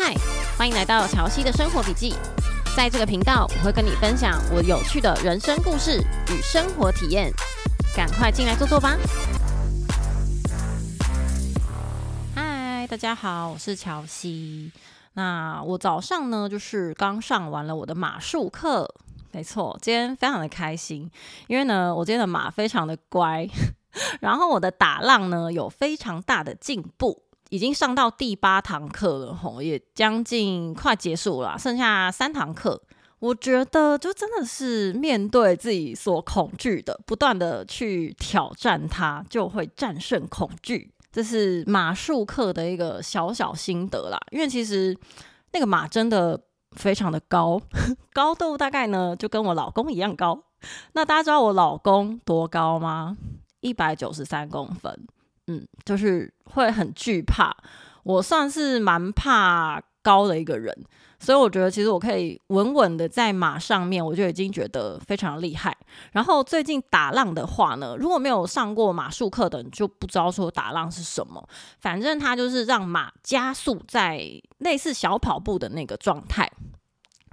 嗨，Hi, 歡迎來到蕎希的生活筆記。在這個頻道，我會跟你分享我有趣的人生故事與生活體驗。趕快進來坐坐吧！嗨，大家好，我是蕎希。那我早上呢，就是剛上完了我的馬術課，沒錯，今天非常的開心，因為呢，我今天的馬非常的乖， 然後我的打浪呢有非常大的進步。已經上到第八堂課了，吼，也將近快結束了，剩下三堂課。我覺得就真的是面對自己所恐懼的，不斷地去挑戰它，就會戰勝恐懼。這是馬術課的一個小小心得啦。因為其實那個馬真的非常的高，高度大概呢就跟我老公一樣高。那大家知道我老公多高嗎？一百九十三公分。嗯，就是會很懼怕。我算是蠻怕高的一個人，所以我覺得其實我可以穩穩的在馬上面，我就已經覺得非常厲害。然後最近打浪的話呢，如果沒有上過馬術課的，你就不知道說打浪是什麼。反正它就是讓馬加速在類似小跑步的那個狀態，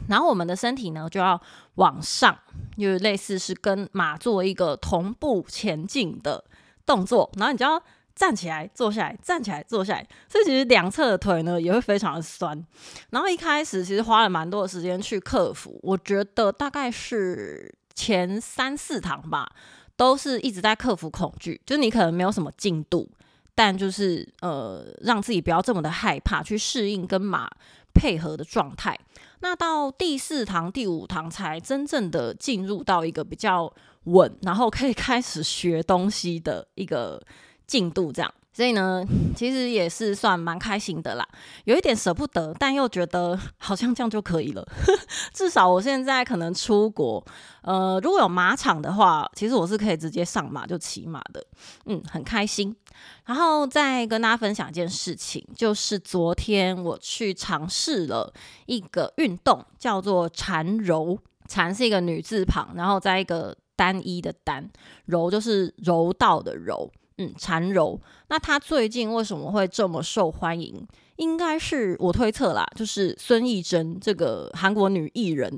然後我們的身體呢就要往上，就是類似是跟馬做一個同步前進的動作，然後你就要。站起來，坐下來，站起來，坐下來。所以其實兩側的腿呢也會非常的酸。然後一開始其實花了蠻多的時間去克服。我覺得大概是前三四堂吧，都是一直在克服恐懼。就是你可能沒有什麼進度，但就是呃讓自己不要這麼的害怕，去適應跟馬配合的狀態。那到第四堂、第五堂才真正的進入到一個比較穩，然後可以開始學東西的一個。進度這樣，所以呢，其實也是算蠻開心的啦，有一點捨不得，但又覺得好像這樣就可以了呵呵。至少我現在可能出國，呃，如果有馬場的話，其實我是可以直接上馬就騎馬的，嗯，很開心。然後再跟大家分享一件事情，就是昨天我去嘗試了一個運動，叫做嬋柔。嬋是一個女字旁，然後再一個單一的單，柔就是柔道的柔。嗯，禪柔。那他最近為什麼會這麼受歡迎？應該是我推測啦，就是孫藝珍這個韓國女藝人，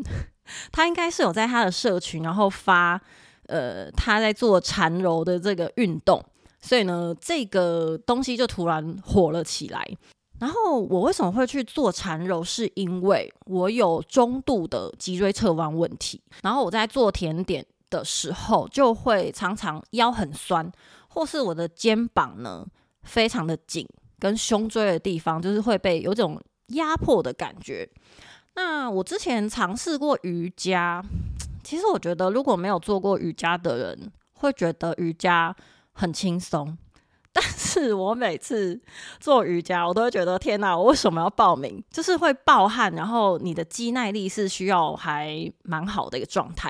她應該是有在她的社群，然後發呃她在做禪柔的這個運動，所以呢，這個東西就突然火了起來。然後我為什麼會去做禪柔？是因為我有中度的脊椎側彎問，問題，然後我在做甜點的時候就會常常腰很酸。或是我的肩膀呢，非常的緊，跟胸椎的地方就是會被有種壓迫的感覺。那我之前嘗試過瑜伽，其實我覺得如果沒有做過瑜伽的人，會覺得瑜伽很輕鬆。但是我每次做瑜伽，我都會覺得天哪，我為什麼要報名？就是會爆汗，然後你的肌耐力是需要還蠻好的一個狀態。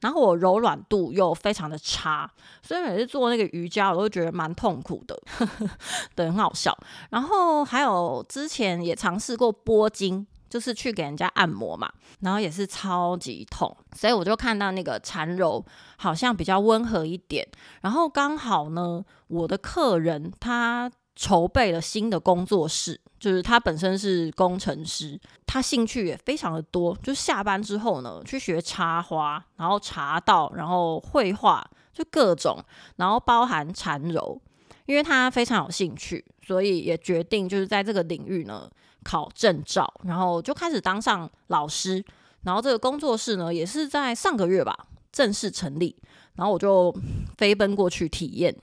然後我柔軟度又非常的差，所以每次做那個瑜伽我都覺得蠻痛苦的，呵呵，對，很好笑。然後還有之前也嘗試過撥筋，就是去給人家按摩嘛，然後也是超級痛，所以我就看到那個禪柔好像比較溫和一點。然後剛好呢，我的客人他籌備了新的工作室，就是他本身是工程師，他興趣也非常的多，就下班之後呢，去學插花，然後茶道，然後繪畫，就各種，然後包含禪柔，因為他非常有興趣，所以也決定就是在這個領域呢考證照，然後就開始當上老師，然後這個工作室呢也是在上個月吧正式成立，然後我就飛奔過去體驗。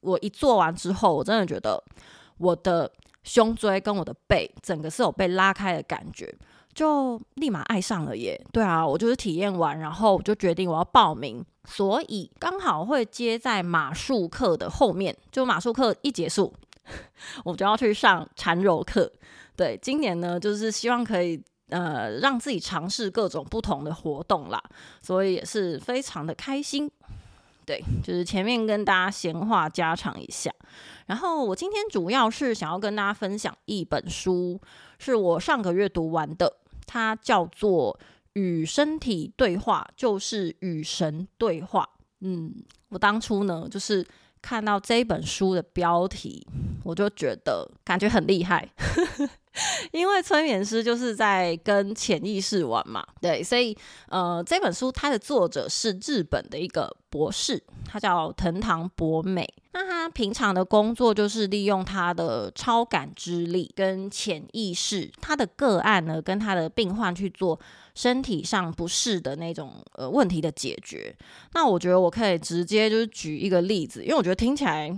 我一做完之後，我真的覺得我的胸椎跟我的背整個是有被拉開的感覺，就立馬愛上了耶！對啊，我就是體驗完，然後就決定我要報名，所以剛好會接在馬術課的後面，就馬術課一結束，我就要去上纏柔課。對，今年呢，就是希望可以呃讓自己嘗試各種不同的活動啦，所以也是非常的開心。對，就是前面跟大家閒話家常一下，然後我今天主要是想要跟大家分享一本書，是我上個月讀完的，它叫做《與身體對話就是與神對話》。嗯，我當初呢，就是看到這本書的標題，我就覺得感覺很厲害。 因為催眠師就是在跟潛意識玩嘛，對，所以呃，這本書它的作者是日本的一個博士，他叫藤堂博美。那他平常的工作就是利用他的超感知力跟潛意識，他的個案呢跟他的病患去做身體上不適的那種呃問題的解決。那我覺得我可以直接就是舉一個例子，因為我覺得聽起來。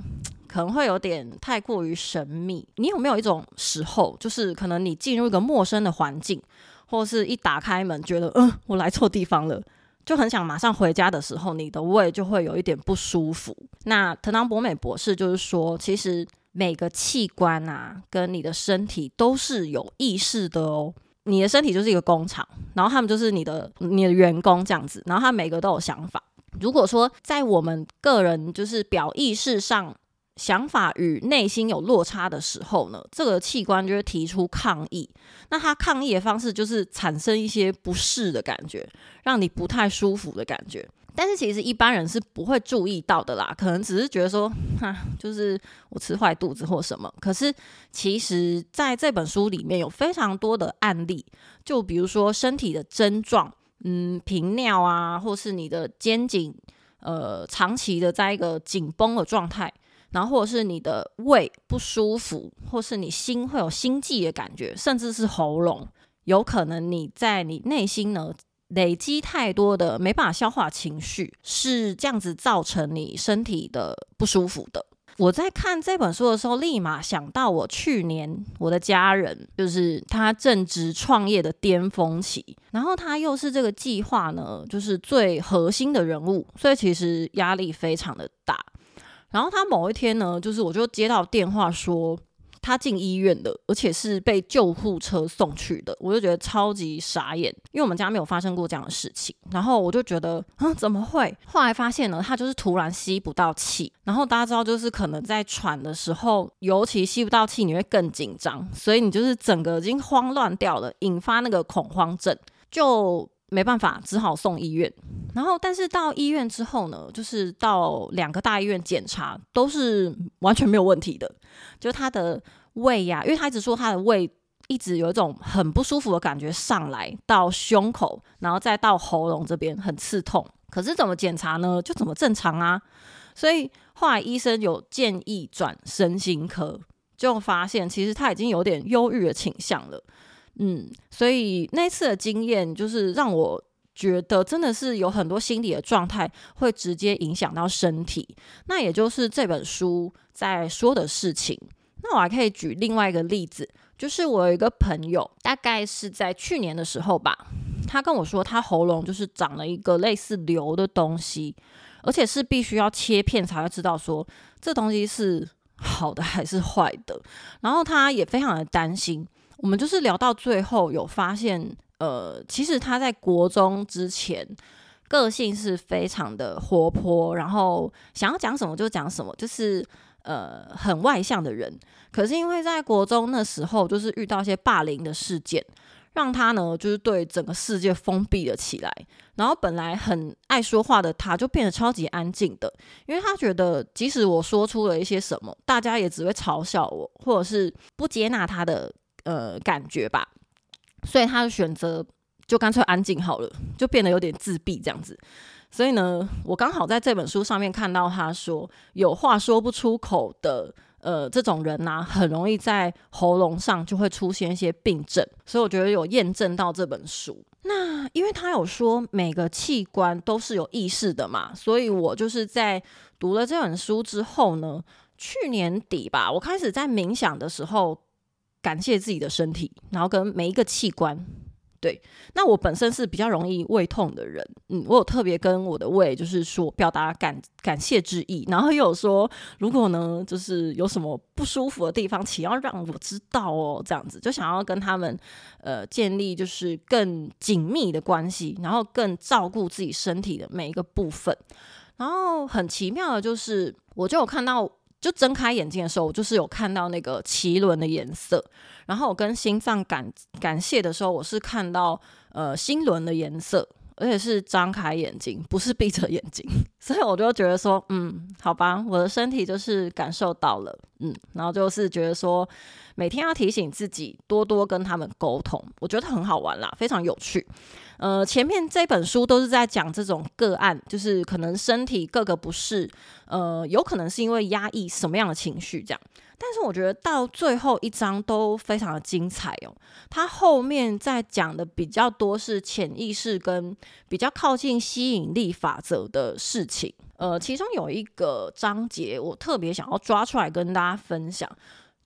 可能會有點太過於神秘。你有沒有一種時候，就是可能你進入一個陌生的環境，或者是一打開門覺得，嗯、呃，我來錯地方了，就很想馬上回家的時候，你的胃就會有一點不舒服？那藤堂博美博士就是說，其實每個器官啊，跟你的身體都是有意識的哦。你的身體就是一個工廠，然後他們就是你的你的員工這樣子，然後他每個都有想法。如果說在我們個人就是表意識上。想法與內心有落差的時候呢，這個器官就會提出抗議。那它抗議的方式就是產生一些不適的感覺，讓你不太舒服的感覺。但是其實一般人是不會注意到的啦，可能只是覺得說，哈，就是我吃壞肚子或什麼。可是其實在這本書裡面有非常多的案例，就比如說身體的症狀，嗯，頻尿啊，或是你的肩頸呃長期的在一個緊繃的狀態。然後，或者是你的胃不舒服，或是你心會有心悸的感覺，甚至是喉嚨，有可能你在你內心呢累積太多的沒辦法消化情緒，是這樣子造成你身體的不舒服的。我在看這本書的時候，立馬想到我去年我的家人，就是他正值創業的巔峰期，然後他又是這個計劃呢，就是最核心的人物，所以其實壓力非常的大。然後他某一天呢，就是我就接到電話說他進醫院了，而且是被救護車送去的，我就覺得超級傻眼，因為我們家沒有發生過這樣的事情。然後我就覺得，嗯，怎麼會？後來發現呢，他就是突然吸不到氣。然後大家知道，就是可能在喘的時候，尤其吸不到氣，你會更緊張，所以你就是整個已經慌亂掉了，引發那個恐慌症，就。沒辦法，只好送醫院。然後，但是到醫院之後呢，就是到兩個大醫院檢查，都是完全沒有問題的。就是他的胃呀、啊，因為他一直說他的胃一直有一種很不舒服的感覺上來到胸口，然後再到喉嚨這邊很刺痛。可是怎麼檢查呢？就怎麼正常啊。所以後來醫生有建議轉身心科，就發現其實他已經有點憂鬱的傾向了。嗯，所以那次的經驗就是讓我覺得，真的是有很多心理的狀態會直接影響到身體。那也就是這本書在說的事情。那我還可以舉另外一個例子，就是我有一個朋友，大概是在去年的時候吧，他跟我說他喉嚨就是長了一個類似瘤的東西，而且是必須要切片才會知道說這東西是好的還是壞的。然後他也非常的擔心。我們就是聊到最後，有發現，呃，其實他在國中之前個性是非常的活潑，然後想要講什麼就講什麼，就是呃很外向的人。可是因為，在國中那時候，就是遇到一些霸凌的事件，讓他呢就是對整個世界封閉了起來。然後本來很愛說話的他，就變得超級安靜的，因為他覺得，即使我說出了一些什麼，大家也只會嘲笑我，或者是不接納他的。呃，感覺吧，所以他的選擇就乾脆安靜好了，就變得有點自閉這樣子。所以呢，我剛好在這本書上面看到他說，有話說不出口的，呃，這種人吶，很容易在喉嚨上就會出現一些病症。所以我覺得有驗證到這本書。那因為他有說每個器官都是有意識的嘛，所以我就是在讀了這本書之後呢，去年底吧，我開始在冥想的時候。感謝自己的身體，然後跟每一個器官。對，那我本身是比較容易胃痛的人，嗯，我有特別跟我的胃就是說表達感感謝之意，然後又有說如果呢，就是有什麼不舒服的地方，請要讓我知道哦，這樣子，就想要跟他們呃建立就是更緊密的關係，然後更照顧自己身體的每一個部分。然後很奇妙的就是，我就有看到。就睜開眼睛的時候，我就是有看到那個臍輪的顏色。然後我跟心臟感感謝的時候，我是看到呃心輪的顏色，而且是張開眼睛，不是閉着眼睛。所以我就覺得說，嗯，好吧，我的身體就是感受到了，嗯，然後就是覺得說，每天要提醒自己多多跟他們溝通，我覺得很好玩啦，非常有趣。呃，前面這本書都是在講這種個案，就是可能身體各個不適，呃，有可能是因為壓抑什麼樣的情緒這樣。但是我覺得到最後一章都非常的精彩哦，他後面在講的比較多是潛意識跟比較靠近吸引力法則的事。呃，其中有一個章節我特別想要抓出來跟大家分享，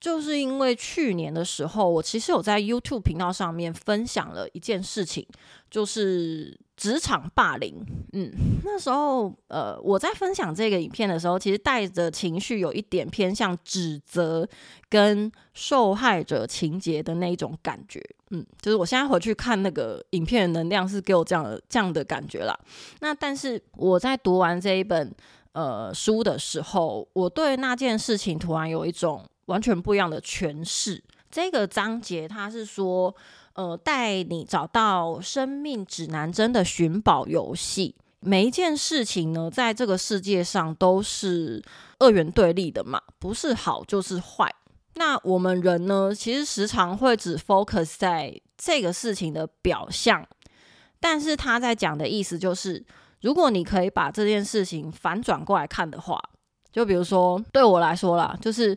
就是因為去年的時候，我其實有在 YouTube 頻道上面分享了一件事情，就是。職場霸凌，嗯，那時候，呃，我在分享這個影片的時候，其實帶着情緒有一點偏向指責跟受害者情節的那一種感覺，嗯，就是我現在回去看那個影片的能量是給我這樣這樣的感覺啦。那但是我在讀完這一本呃書的時候，我對那件事情突然有一種完全不一樣的詮釋。這個章節它是說。呃，帶你找到生命指南針的尋寶遊戲。每一件事情呢，在這個世界上都是二元對立的嘛，不是好就是壞。那我們人呢，其實時常會只 focus 在這個事情的表象。但是他在講的意思就是，如果你可以把這件事情反轉過來看的話，就比如說，對我來說啦，就是。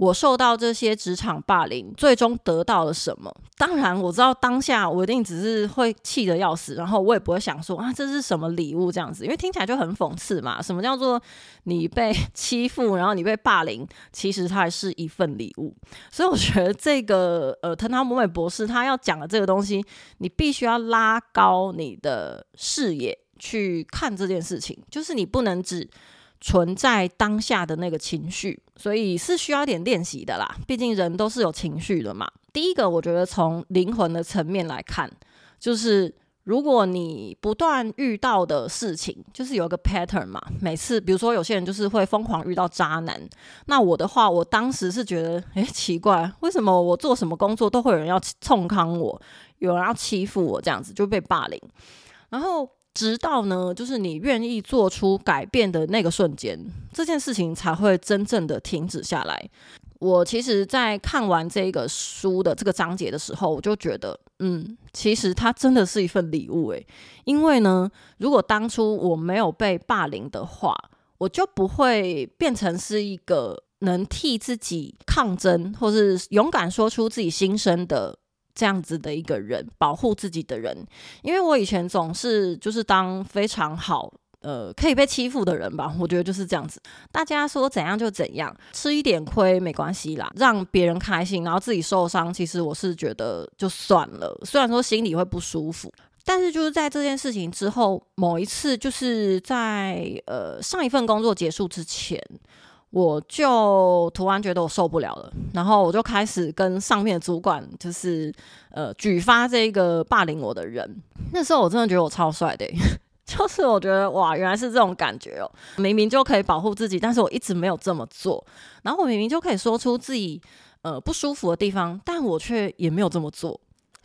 我受到這些職場霸凌，最終得到了什麼？當然，我知道當下我一定只是會氣得要死，然後我也不會想說啊，這是什麼禮物這樣子，因為聽起來就很諷刺嘛。什麼叫做你被欺負，然後你被霸凌，其實它還是一份禮物。所以我覺得這個呃，籐堂博美博士他要講的這個東西，你必須要拉高你的視野去看這件事情，就是你不能只。存在當下的那個情緒，所以是需要點練習的啦。畢竟人都是有情緒的嘛。第一個，我覺得從靈魂的層面來看，就是如果你不斷遇到的事情，就是有一個 pattern 嘛，每次比如說有些人就是會瘋狂遇到渣男，那我的話，我當時是覺得，誒，奇怪，為什麼我做什麼工作都會有人要衝康我，有人要欺負我，這樣子就被霸凌，然後。直到呢，就是你願意做出改變的那個瞬間，這件事情才會真正的停止下來。我其實，在看完這個書的這個章節的時候，我就覺得，嗯，其實它真的是一份禮物、欸，誒。因為呢，如果當初我沒有被霸凌的話，我就不會變成是一個能替自己抗爭，或是勇敢說出自己心聲的。這樣子的一個人，保護自己的人，因為我以前總是就是當非常好，呃，可以被欺負的人吧，我覺得就是這樣子，大家說怎樣就怎樣，吃一點虧沒關係啦，讓別人開心，然後自己受傷，其實我是覺得就算了。雖然說心裡會不舒服，但是就是在這件事情之後，某一次就是在呃，上一份工作結束之前。我就突然覺得我受不了了，然後我就開始跟上面的主管，就是呃舉發這一個霸凌我的人。那時候我真的覺得我超帥的欸，就是我覺得哇，原來是這種感覺喔！明明就可以保護自己，但是我一直沒有這麼做。然後我明明就可以說出自己呃不舒服的地方，但我卻也沒有這麼做。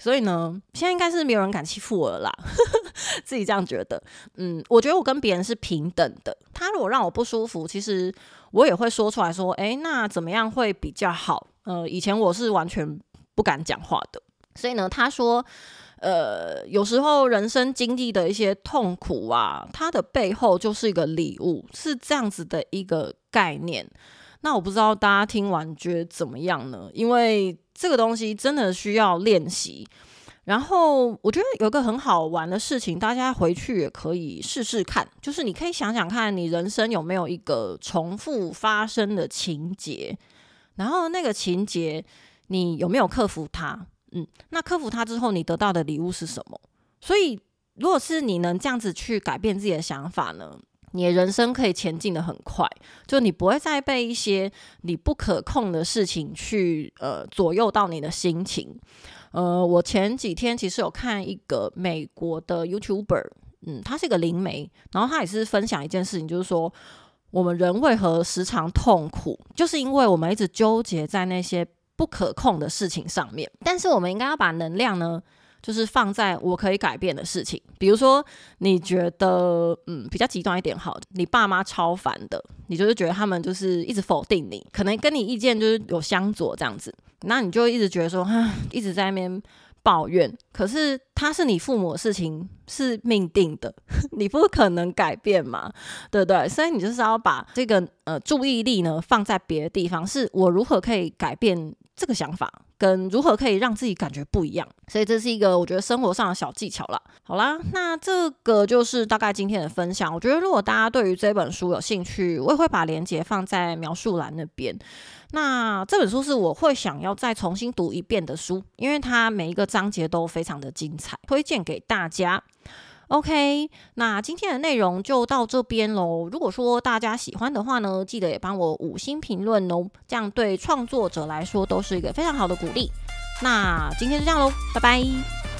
所以呢，現在應該是沒有人敢欺負我了啦， 自己這樣覺得。嗯，我覺得我跟別人是平等的。他如果讓我不舒服，其實我也會說出來說，欸，那怎麼樣會比較好？呃，以前我是完全不敢講話的。所以呢，他說，呃，有時候人生經歷的一些痛苦啊，它的背後就是一個禮物，是這樣子的一個概念。那我不知道大家聽完覺得怎麼樣呢？因為。這個東西真的需要練習，然後我覺得有一個很好玩的事情，大家回去也可以試試看，就是你可以想想看你人生有沒有一個重複發生的情節，然後那個情節你有沒有克服它？嗯，那克服它之後你得到的禮物是什麼？所以如果是你能這樣子去改變自己的想法呢？你的人生可以前進得很快，就你不會再被一些你不可控的事情去呃左右到你的心情。呃，我前幾天其實有看一個美國的 YouTuber，嗯，他是一個靈媒，然後他也是分享一件事情，就是說我們人為何時常痛苦，就是因為我們一直糾結在那些不可控的事情上面。但是我們應該要把能量呢。就是放在我可以改變的事情，比如說，你覺得嗯比較極端一點好。你爸媽超煩的，你就是覺得他們就是一直否定你，可能跟你意見就是有相左這樣子，那你就一直覺得說啊，一直在那邊抱怨，可是。它是你父母的事情，是命定的，你不可能改變嘛，對不對？所以你就是要把這個呃注意力呢放在別的地方，是我如何可以改變這個想法，跟如何可以讓自己感覺不一樣。所以這是一個我覺得生活上的小技巧啦。好啦，那這個就是大概今天的分享。我覺得如果大家對於這本書有興趣，我也會把鏈接放在描述欄那邊。那這本書是我會想要再重新讀一遍的書，因為它每一個章節都非常的精彩。才推薦給大家。OK，那今天的內容就到這邊嘍。如果說大家喜歡的話呢，記得也幫我五星評論哦，這樣對創作者來說都是一個非常好的鼓勵。那今天就這樣嘍，拜拜。